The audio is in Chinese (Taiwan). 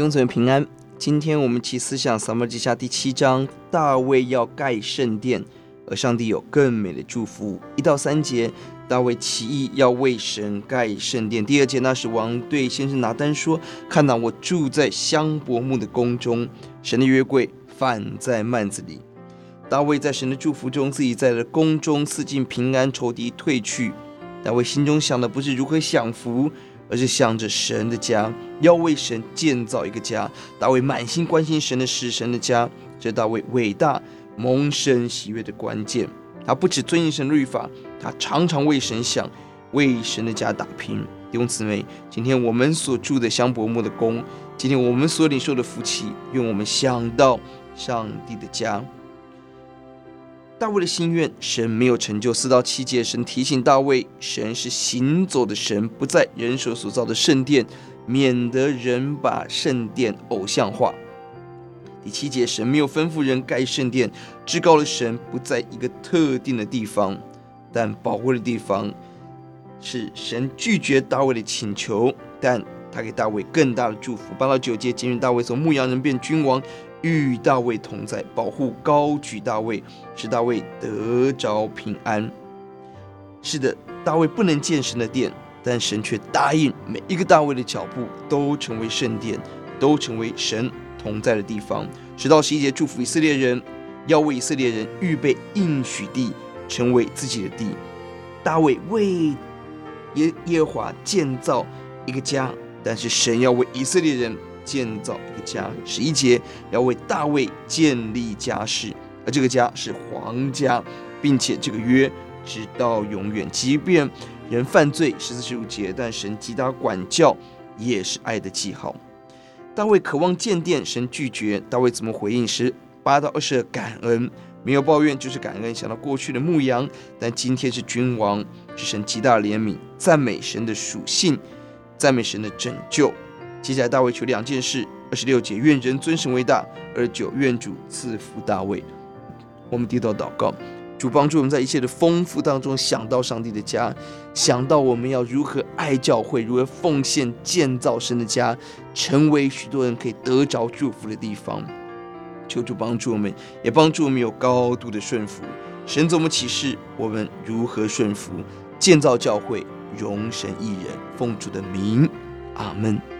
永存平安。今天我們齊思想撒母耳記下第七章，大衛要蓋聖殿，而上帝有更美的祝福。一到三節，大衛起意要為神蓋聖殿。第二節，那時王對先知拿單說：“看到我住在香柏木的宮中，神的約櫃放在幔子裡。”大衛在神的祝福中，自己在的宮中四境平安，仇敵退去。大衛心中想的不是如何享福。而是想着神的家，要為神建造一個家。大衛滿心關心神的事、神的家，這大衛偉大蒙神喜悅的關鍵。他不止尊敬神律法，他常常為神想，為神的家打拼。弟兄姊妹，今天我們所住的香柏木的宮，今天我們所領受的福氣，願我們想到上帝的家。大衛的心願，神沒有成就。四到七節，神提醒大衛，神是行走的神，不在人手所造的聖殿，免得人把聖殿偶像化。第七節，神沒有吩咐人蓋聖殿，至高的神不在一個特定的地方，但寶貴的地方是神拒絕大衛的請求，但他給大衛更大的祝福。八到九節，今日大衛從牧羊人變君王。與大衛同在，保護高舉大衛，使大衛得着平安。是的，大衛不能建神的殿，但神卻答應每一個大衛的腳步都成為聖殿，都成為神同在的地方。十到十一節，祝福以色列人，要為以色列人預備應許地，成為自己的地。大衛為耶耶和華建造一個家，但是神要為以色列人。建造一個家，十一節要為大衛建立家室，而這個家是皇家，並且這個約直到永遠。即便人犯罪，十四、十五節，但神極大管教也是愛的記號。大衛渴望建殿，神拒絕。大衛怎麼回應時？十八到二十感恩，沒有抱怨，就是感恩。想到過去的牧羊，但今天是君王，是神極大憐憫，讚美神的屬性，讚美神的拯救。接下來，大衛求兩件事：二十六節，願人尊神為大；二九，願主賜福大衛。我們低頭禱告，主幫助我們在一切的豐富當中想到上帝的家，想到我們要如何愛教會，如何奉獻建造神的家，成為許多人可以得着祝福的地方。求主幫助我們，也幫助我們有高度的順服。神給我們啟示，我們如何順服建造教會，榮神益人奉主的名。阿門。